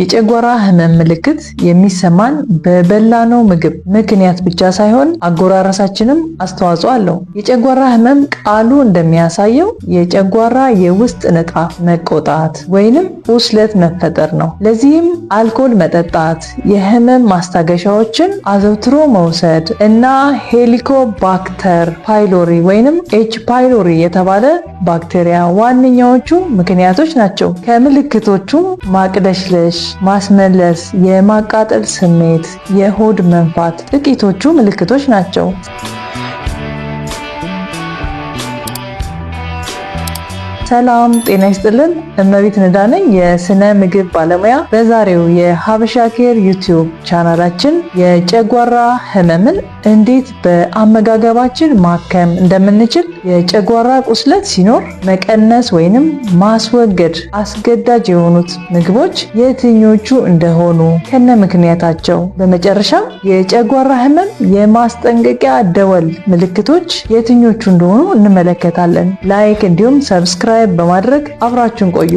የጨጓራ ህመም ምልክት የሚሰማን በበላነው ምግብ ምክንያት ብቻ ሳይሆን አጎራረሳችንም አስተዋጽኦ አለው። የጨጓራ ህመም ቃሉ እንደሚያሳየው የጨጓራ የውስጥ ንጣፍ መቆጣት ወይንም ቁስለት መፈጠር ነው። ለዚህም አልኮል መጠጣት፣ የህመም ማስታገሻዎችን አዘውትሮ መውሰድ እና ሄሊኮባክተር ፓይሎሪ ወይንም ኤች ፓይሎሪ የተባለ ባክቴሪያ ዋነኛዎቹ ምክንያቶች ናቸው። ከምልክቶቹም ማቅለሽለሽ ማስመለስ፣ የማቃጠል ስሜት፣ የሆድ መንፋት ጥቂቶቹ ምልክቶች ናቸው። ሰላም ጤና ይስጥልን። እመቤት ንዳ ነኝ የስነ ምግብ ባለሙያ። በዛሬው የሀበሻ ኬር ዩቲዩብ ቻናላችን የጨጓራ ህመምን እንዴት በአመጋገባችን ማከም እንደምንችል፣ የጨጓራ ቁስለት ሲኖር መቀነስ ወይንም ማስወገድ አስገዳጅ የሆኑት ምግቦች የትኞቹ እንደሆኑ ከነ ምክንያታቸው፣ በመጨረሻ የጨጓራ ህመም የማስጠንቀቂያ ደወል ምልክቶች የትኞቹ እንደሆኑ እንመለከታለን። ላይክ እንዲሁም ሰብስክራይብ ሰብስክራይብ በማድረግ አብራችን ቆዩ።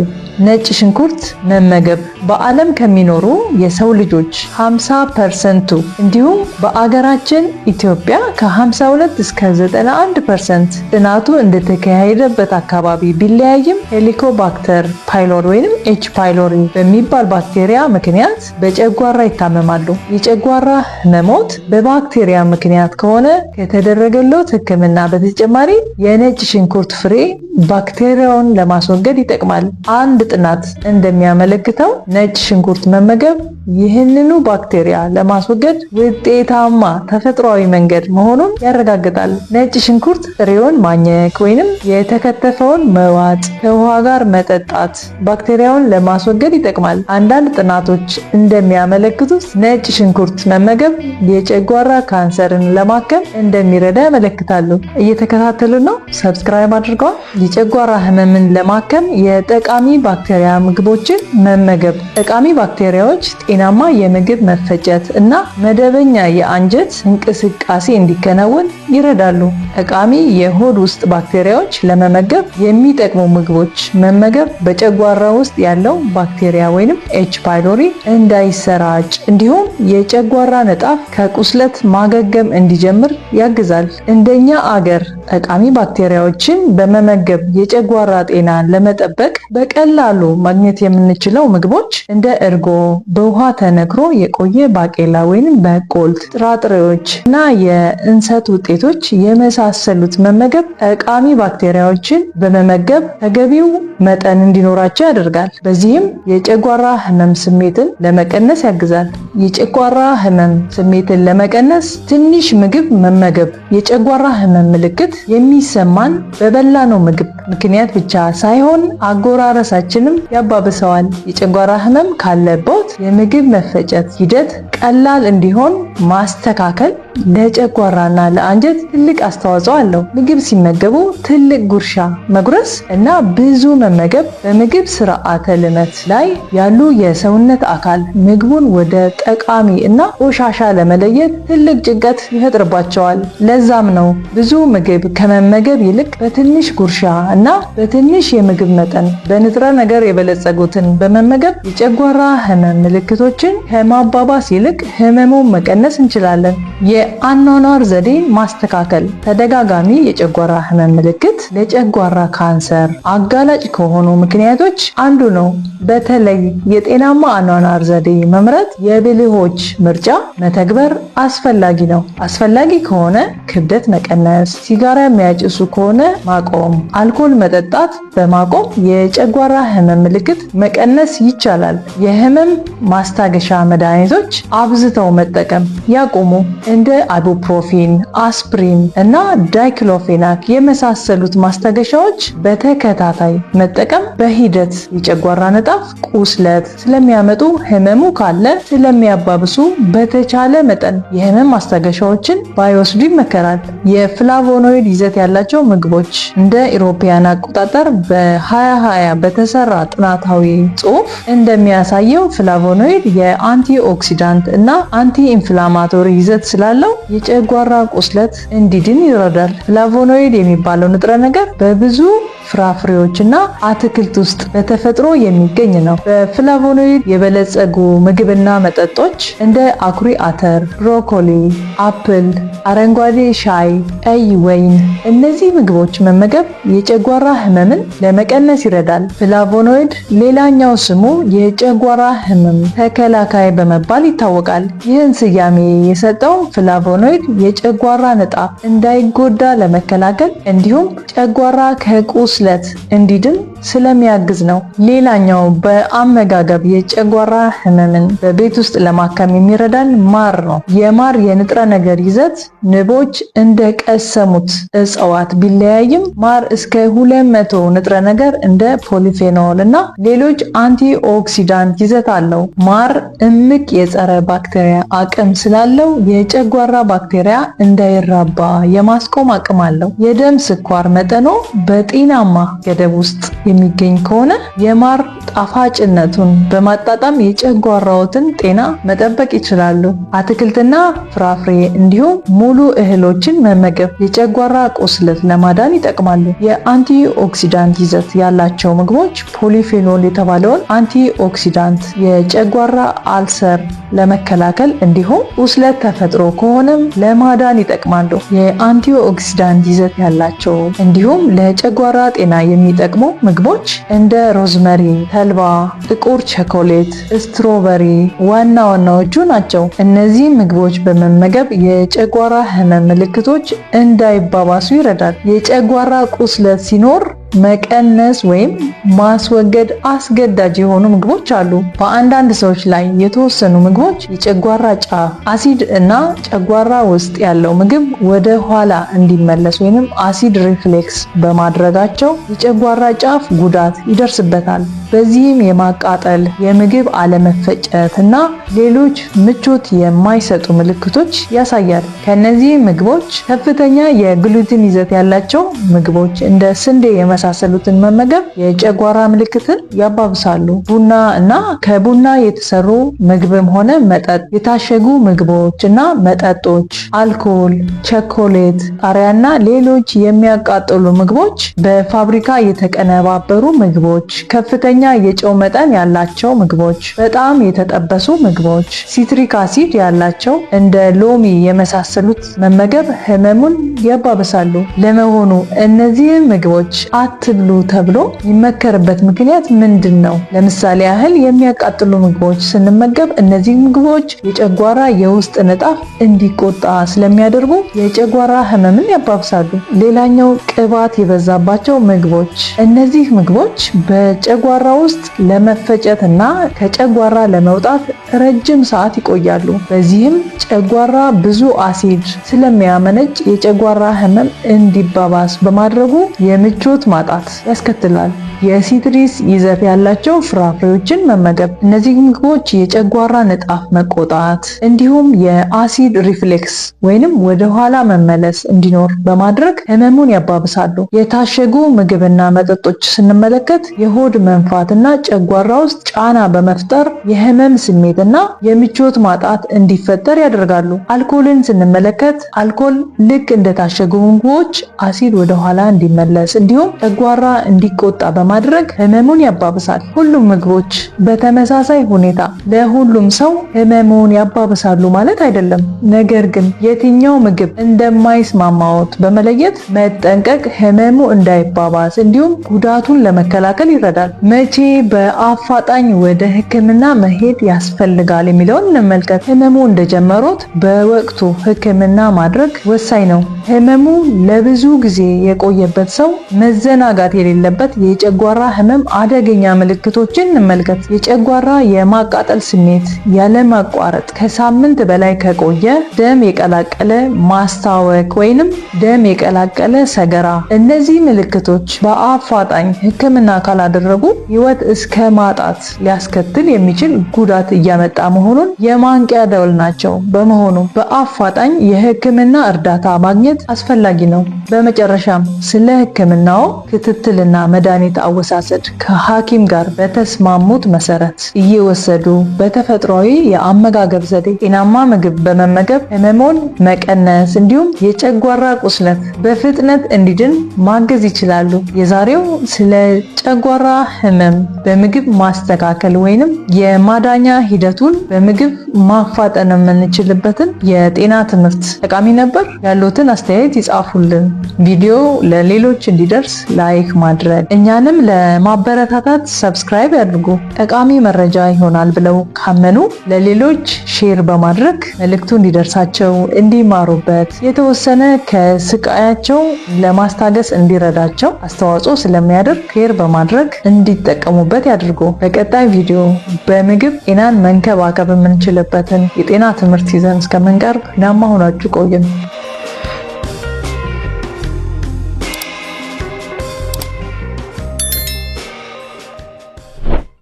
ነጭ ሽንኩርት መመገብ በዓለም ከሚኖሩ የሰው ልጆች 50 ፐርሰንቱ እንዲሁም በአገራችን ኢትዮጵያ ከ52 እስከ 91 ፐርሰንት ጥናቱ እንደተካሄደበት አካባቢ ቢለያይም ሄሊኮባክተር ፓይሎሪ ወይም ኤች ፓይሎሪ በሚባል ባክቴሪያ ምክንያት በጨጓራ ይታመማሉ። የጨጓራ ህመሞት በባክቴሪያ ምክንያት ከሆነ ከተደረገለት ሕክምና በተጨማሪ የነጭ ሽንኩርት ፍሬ ባክቴሪያውን ለማስወገድ ይጠቅማል። አንድ ጥናት እንደሚያመለክተው ነጭ ሽንኩርት መመገብ ይህንኑ ባክቴሪያ ለማስወገድ ውጤታማ ተፈጥሯዊ መንገድ መሆኑን ያረጋግጣል። ነጭ ሽንኩርት ጥሬውን ማኘክ ወይንም የተከተፈውን መዋጥ ከውሃ ጋር መጠጣት ባክቴሪያውን ለማስወገድ ይጠቅማል። አንዳንድ ጥናቶች እንደሚያመለክቱት ነጭ ሽንኩርት መመገብ የጨጓራ ካንሰርን ለማከም እንደሚረዳ ያመለክታሉ። እየተከታተሉ ነው። ሰብስክራይብ አድርገዋል። የጨጓራ ህመምን ለማከም የጠቃሚ ባ ባክቴሪያ ምግቦችን መመገብ ጠቃሚ ባክቴሪያዎች ጤናማ የምግብ መፈጨት እና መደበኛ የአንጀት እንቅስቃሴ እንዲከናወን ይረዳሉ። ጠቃሚ የሆድ ውስጥ ባክቴሪያዎች ለመመገብ የሚጠቅሙ ምግቦች መመገብ በጨጓራ ውስጥ ያለው ባክቴሪያ ወይም ኤች ፓይሎሪ እንዳይሰራጭ እንዲሁም የጨጓራ ንጣፍ ከቁስለት ማገገም እንዲጀምር ያግዛል። እንደኛ አገር ጠቃሚ ባክቴሪያዎችን በመመገብ የጨጓራ ጤና ለመጠበቅ በቀላል በቀላሉ ማግኘት የምንችለው ምግቦች እንደ እርጎ፣ በውሃ ተነክሮ የቆየ ባቄላ ወይም በቆልት፣ ጥራጥሬዎች እና የእንሰት ውጤቶች የመሳሰሉት መመገብ ጠቃሚ ባክቴሪያዎችን በመመገብ ተገቢው መጠን እንዲኖራቸው ያደርጋል። በዚህም የጨጓራ ህመም ስሜትን ለመቀነስ ያግዛል። የጨጓራ ህመም ስሜትን ለመቀነስ ትንሽ ምግብ መመገብ የጨጓራ ህመም ምልክት የሚሰማን በበላነው ምግብ ምክንያት ብቻ ሳይሆን አጎራረሳችን ህመሞችንም ያባብሰዋል። የጨጓራ ህመም ካለቦት የምግብ መፈጨት ሂደት ቀላል እንዲሆን ማስተካከል ለጨጓራና ለአንጀት ትልቅ አስተዋጽኦ አለው። ምግብ ሲመገቡ ትልቅ ጉርሻ መጉረስ እና ብዙ መመገብ በምግብ ስርዓተ ልመት ላይ ያሉ የሰውነት አካል ምግቡን ወደ ጠቃሚ እና ቆሻሻ ለመለየት ትልቅ ጭንቀት ይፈጥርባቸዋል። ለዛም ነው ብዙ ምግብ ከመመገብ ይልቅ በትንሽ ጉርሻ እና በትንሽ የምግብ መጠን በንጥረ ነገር የበለጸጉትን በመመገብ የጨጓራ ህመም ምልክቶችን ከማባባስ ይልቅ ህመሙን መቀነስ እንችላለን። የአኗኗር ዘዴ ማስተካከል ተደጋጋሚ የጨጓራ ህመም ምልክት ለጨጓራ ካንሰር አጋላጭ ከሆኑ ምክንያቶች አንዱ ነው። በተለይ የጤናማ አኗኗር ዘዴ መምረጥ የብልሆች ምርጫ መተግበር አስፈላጊ ነው። አስፈላጊ ከሆነ ክብደት መቀነስ፣ ሲጋራ የሚያጭሱ ከሆነ ማቆም፣ አልኮል መጠጣት በማቆም የጨጓራ ህመም ምልክት መቀነስ ይቻላል። የህመም ማስታገሻ መድኃኒቶች አብዝተው መጠቀም ያቁሙ። እንደ አይቡፕሮፊን፣ አስፕሪን እና ዳይክሎፌናክ የመሳሰሉት ማስታገሻዎች በተከታታይ መጠቀም በሂደት የጨጓራ ንጣፍ ቁስለት ስለሚያመጡ ህመሙ ካለ ስለሚያባብሱ በተቻለ መጠን የህመም ማስታገሻዎችን ባይወስዱ ይመከራል። የፍላቮኖይድ ይዘት ያላቸው ምግቦች እንደ ኢሮፓያን አቆጣጠር በ2020 በተሰራ ጥናታዊ ጽሑፍ እንደሚያሳየው ፍላቮኖይድ የአንቲ እና አንቲ ኢንፍላማቶሪ ይዘት ስላለ ያለው የጨጓራ ቁስለት እንዲድን ይረዳል። ፍላቮኖይድ የሚባለው ንጥረ ነገር በብዙ ፍራፍሬዎችና አትክልት ውስጥ በተፈጥሮ የሚገኝ ነው። በፍላቮኖይድ የበለጸጉ ምግብና መጠጦች እንደ አኩሪ አተር፣ ብሮኮሊ፣ አፕል፣ አረንጓዴ ሻይ፣ ቀይ ወይን፣ እነዚህ ምግቦች መመገብ የጨጓራ ህመምን ለመቀነስ ይረዳል። ፍላቮኖይድ ሌላኛው ስሙ የጨጓራ ህመም ተከላካይ በመባል ይታወቃል። ይህን ስያሜ የሰጠው ፍላ ፍላቮኖይድ የጨጓራ ንጣፍ እንዳይጎዳ ለመከላከል እንዲሁም ጨጓራ ከቁስለት እንዲድን ስለሚያግዝ ነው። ሌላኛው በአመጋገብ የጨጓራ ህመምን በቤት ውስጥ ለማከም የሚረዳን ማር ነው። የማር የንጥረ ነገር ይዘት ንቦች እንደ ቀሰሙት እጽዋት ቢለያይም ማር እስከ 200 ንጥረ ነገር እንደ ፖሊፌኖል እና ሌሎች አንቲኦክሲዳንት ይዘት አለው። ማር እምቅ የጸረ ባክቴሪያ አቅም ስላለው የጨጓ የሚያስፈራ ባክቴሪያ እንዳይራባ የማስቆም አቅም አለው። የደም ስኳር መጠኖ በጤናማ ገደብ ውስጥ የሚገኝ ከሆነ የማር ጣፋጭነቱን በማጣጣም የጨጓራዎትን ጤና መጠበቅ ይችላሉ። አትክልትና ፍራፍሬ እንዲሁም ሙሉ እህሎችን መመገብ የጨጓራ ቁስለት ለማዳን ይጠቅማሉ። የአንቲ ኦክሲዳንት ይዘት ያላቸው ምግቦች ፖሊፌኖል የተባለውን አንቲ ኦክሲዳንት የጨጓራ አልሰር ለመከላከል እንዲሁም ቁስለት ተፈጥሮ ከሆነ ስለሆነም ለማዳን ይጠቅማሉ። የአንቲ ይዘት ያላቸው እንዲሁም ለጨጓራ ጤና የሚጠቅሙ ምግቦች እንደ ሮዝመሪ፣ ተልባ፣ ጥቁር ቸኮሌት፣ ስትሮበሪ ዋና ዋናዎቹ ናቸው። እነዚህ ምግቦች በመመገብ የጨጓራ ህመም ምልክቶች እንዳይባባሱ ይረዳል። የጨጓራ ቁስለት ሲኖር መቀነስ ወይም ማስወገድ አስገዳጅ የሆኑ ምግቦች አሉ። በአንዳንድ ሰዎች ላይ የተወሰኑ ምግቦች የጨጓራ ጫፍ አሲድ እና ጨጓራ ውስጥ ያለው ምግብ ወደ ኋላ እንዲመለስ ወይም አሲድ ሪፍሌክስ በማድረጋቸው የጨጓራ ጫፍ ጉዳት ይደርስበታል። በዚህም የማቃጠል የምግብ አለመፈጨት እና ሌሎች ምቾት የማይሰጡ ምልክቶች ያሳያል። ከእነዚህ ምግቦች ከፍተኛ የግሉቲን ይዘት ያላቸው ምግቦች እንደ ስንዴ የመሳሰሉትን መመገብ የጨጓራ ምልክትን ያባብሳሉ። ቡና እና ከቡና የተሰሩ ምግብም ሆነ መጠጥ፣ የታሸጉ ምግቦች እና መጠጦች፣ አልኮል፣ ቸኮሌት፣ ጣሪያና ሌሎች የሚያቃጥሉ ምግቦች፣ በፋብሪካ የተቀነባበሩ ምግቦች ከፍተኛ ከፍተኛ የጨው መጠን ያላቸው ምግቦች፣ በጣም የተጠበሱ ምግቦች፣ ሲትሪክ አሲድ ያላቸው እንደ ሎሚ የመሳሰሉት መመገብ ህመሙን ያባብሳሉ። ለመሆኑ እነዚህን ምግቦች አትብሉ ተብሎ የሚመከርበት ምክንያት ምንድን ነው? ለምሳሌ ያህል የሚያቃጥሉ ምግቦች ስንመገብ እነዚህ ምግቦች የጨጓራ የውስጥ ንጣፍ እንዲቆጣ ስለሚያደርጉ የጨጓራ ህመምን ያባብሳሉ። ሌላኛው ቅባት የበዛባቸው ምግቦች፣ እነዚህ ምግቦች በጨጓራ ውስጥ ለመፈጨት እና ከጨጓራ ለመውጣት ረጅም ሰዓት ይቆያሉ። በዚህም ጨጓራ ብዙ አሲድ ስለሚያመነጭ የጨጓራ ህመም እንዲባባስ በማድረጉ የምቾት ማጣት ያስከትላል። የሲትሪስ ይዘት ያላቸው ፍራፍሬዎችን መመገብ። እነዚህ ምግቦች የጨጓራ ንጣፍ መቆጣት እንዲሁም የአሲድ ሪፍሌክስ ወይንም ወደኋላ መመለስ እንዲኖር በማድረግ ህመሙን ያባብሳሉ። የታሸጉ ምግብና መጠጦች ስንመለከት የሆድ መንፋት በመውጣትና ጨጓራ ውስጥ ጫና በመፍጠር የህመም ስሜትና የምቾት ማጣት እንዲፈጠር ያደርጋሉ። አልኮልን ስንመለከት አልኮል ልክ እንደታሸጉ ምግቦች አሲድ ወደ ኋላ እንዲመለስ እንዲሁም ጨጓራ እንዲቆጣ በማድረግ ህመሙን ያባብሳል። ሁሉም ምግቦች በተመሳሳይ ሁኔታ ለሁሉም ሰው ህመሙን ያባብሳሉ ማለት አይደለም። ነገር ግን የትኛው ምግብ እንደማይስማማዎት በመለየት መጠንቀቅ ህመሙ እንዳይባባስ እንዲሁም ጉዳቱን ለመከላከል ይረዳል። መቼ በአፋጣኝ ወደ ሕክምና መሄድ ያስፈልጋል የሚለውን እንመልከት። ህመሙ እንደጀመሩት በወቅቱ ሕክምና ማድረግ ወሳኝ ነው። ህመሙ ለብዙ ጊዜ የቆየበት ሰው መዘናጋት የሌለበት የጨጓራ ህመም አደገኛ ምልክቶችን እንመልከት። የጨጓራ የማቃጠል ስሜት ያለማቋረጥ ከሳምንት በላይ ከቆየ፣ ደም የቀላቀለ ማስታወክ ወይንም ደም የቀላቀለ ሰገራ። እነዚህ ምልክቶች በአፋጣኝ ሕክምና ካላደረጉ ህይወት እስከ ማጣት ሊያስከትል የሚችል ጉዳት እያመጣ መሆኑን የማንቂያ ደወል ናቸው። በመሆኑ በአፋጣኝ የህክምና እርዳታ ማግኘት አስፈላጊ ነው። በመጨረሻም ስለ ህክምናው ክትትልና መድኃኒት አወሳሰድ ከሐኪም ጋር በተስማሙት መሰረት እየወሰዱ በተፈጥሯዊ የአመጋገብ ዘዴ ጤናማ ምግብ በመመገብ ህመሞን መቀነስ እንዲሁም የጨጓራ ቁስለት በፍጥነት እንዲድን ማገዝ ይችላሉ። የዛሬው ስለ ጨጓራ ህመም ህመም በምግብ ማስተካከል ወይንም የማዳኛ ሂደቱን በምግብ ማፋጠን የምንችልበትን የጤና ትምህርት ጠቃሚ ነበር ያሉትን አስተያየት ይጻፉልን። ቪዲዮ ለሌሎች እንዲደርስ ላይክ ማድረግ እኛንም ለማበረታታት ሰብስክራይብ ያድርጉ። ጠቃሚ መረጃ ይሆናል ብለው ካመኑ ለሌሎች ሼር በማድረግ መልእክቱ እንዲደርሳቸው እንዲማሩበት የተወሰነ ከስቃያቸው ለማስታገስ እንዲረዳቸው አስተዋጽኦ ስለሚያደርግ ሼር በማድረግ እንዲጠ እንዲጠቀሙበት ያድርጉ። በቀጣይ ቪዲዮ በምግብ ጤናን መንከባከብ የምንችልበትን የጤና ትምህርት ይዘን እስከምንቀርብ ዳማ ቆይም